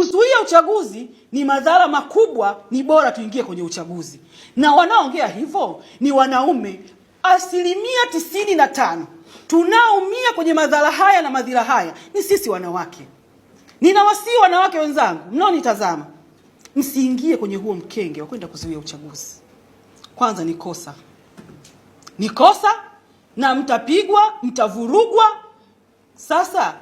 kuzuia uchaguzi ni madhara makubwa, ni bora tuingie kwenye uchaguzi. Na wanaongea hivyo ni wanaume asilimia tisini na tano. Tunaoumia kwenye madhara haya na madhira haya ni sisi wanawake. Ninawasihi wanawake wenzangu mnaonitazama, msiingie kwenye huo mkenge wa kwenda kuzuia uchaguzi. Kwanza ni kosa, ni kosa na mtapigwa, mtavurugwa. Sasa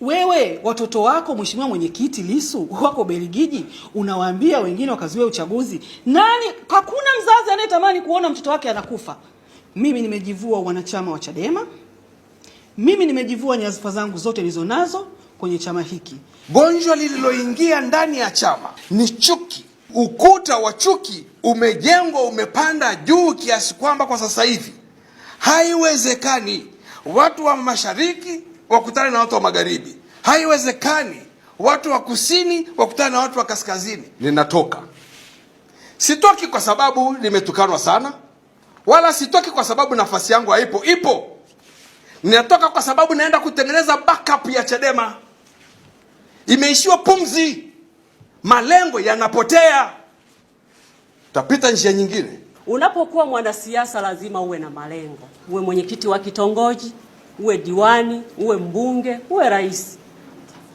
wewe watoto wako Mheshimiwa Mwenyekiti Lissu wako Beligiji, unawaambia wengine wakazuia uchaguzi. Nani? Hakuna mzazi anayetamani kuona mtoto wake anakufa. Mimi nimejivua wanachama wa Chadema, mimi nimejivua nyadhifa zangu zote nilizo nazo kwenye chama hiki. Gonjwa lililoingia ndani ya chama ni chuki. Ukuta wa chuki umejengwa, umepanda juu kiasi kwamba kwa sasa hivi haiwezekani watu wa mashariki wakutane na watu wa magharibi. Haiwezekani watu wa kusini wakutane na watu wa kaskazini. Ninatoka, sitoki kwa sababu nimetukanwa sana, wala sitoki kwa sababu nafasi yangu haipo, ipo. Ninatoka kwa sababu naenda kutengeneza backup ya Chadema. Imeishiwa pumzi, malengo yanapotea, tapita njia nyingine. Unapokuwa mwanasiasa lazima uwe na malengo, uwe mwenyekiti wa kitongoji uwe diwani, uwe mbunge, uwe rais.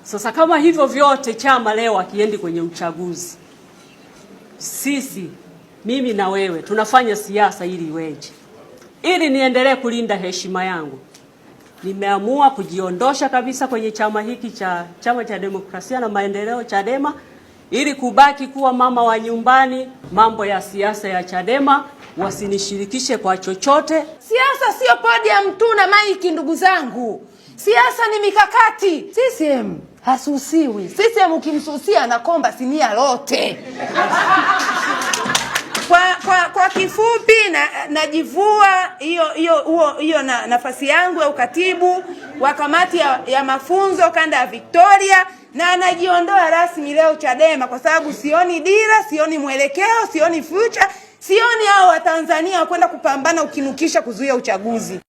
Sasa kama hivyo vyote chama leo akiendi kwenye uchaguzi, sisi mimi na wewe tunafanya siasa ili iweje? Ili niendelee kulinda heshima yangu, nimeamua kujiondosha kabisa kwenye chama hiki cha chama cha demokrasia na maendeleo Chadema, ili kubaki kuwa mama wa nyumbani, mambo ya siasa ya Chadema wasinishirikishe kwa chochote. Siasa sio podi ya na maiki, ndugu zangu, siasa ni mikakati. CCM hasusiwi. CCM ukimsusia anakomba sinia lote. Kwa, kwa, kwa kifupi najivua hiyo hiyo hiyo na, nafasi yangu ya ukatibu wa kamati ya, ya mafunzo kanda ya Victoria na najiondoa rasmi leo Chadema kwa sababu sioni dira, sioni mwelekeo, sioni future, sioni Tanzania kwenda kupambana ukinukisha kuzuia uchaguzi.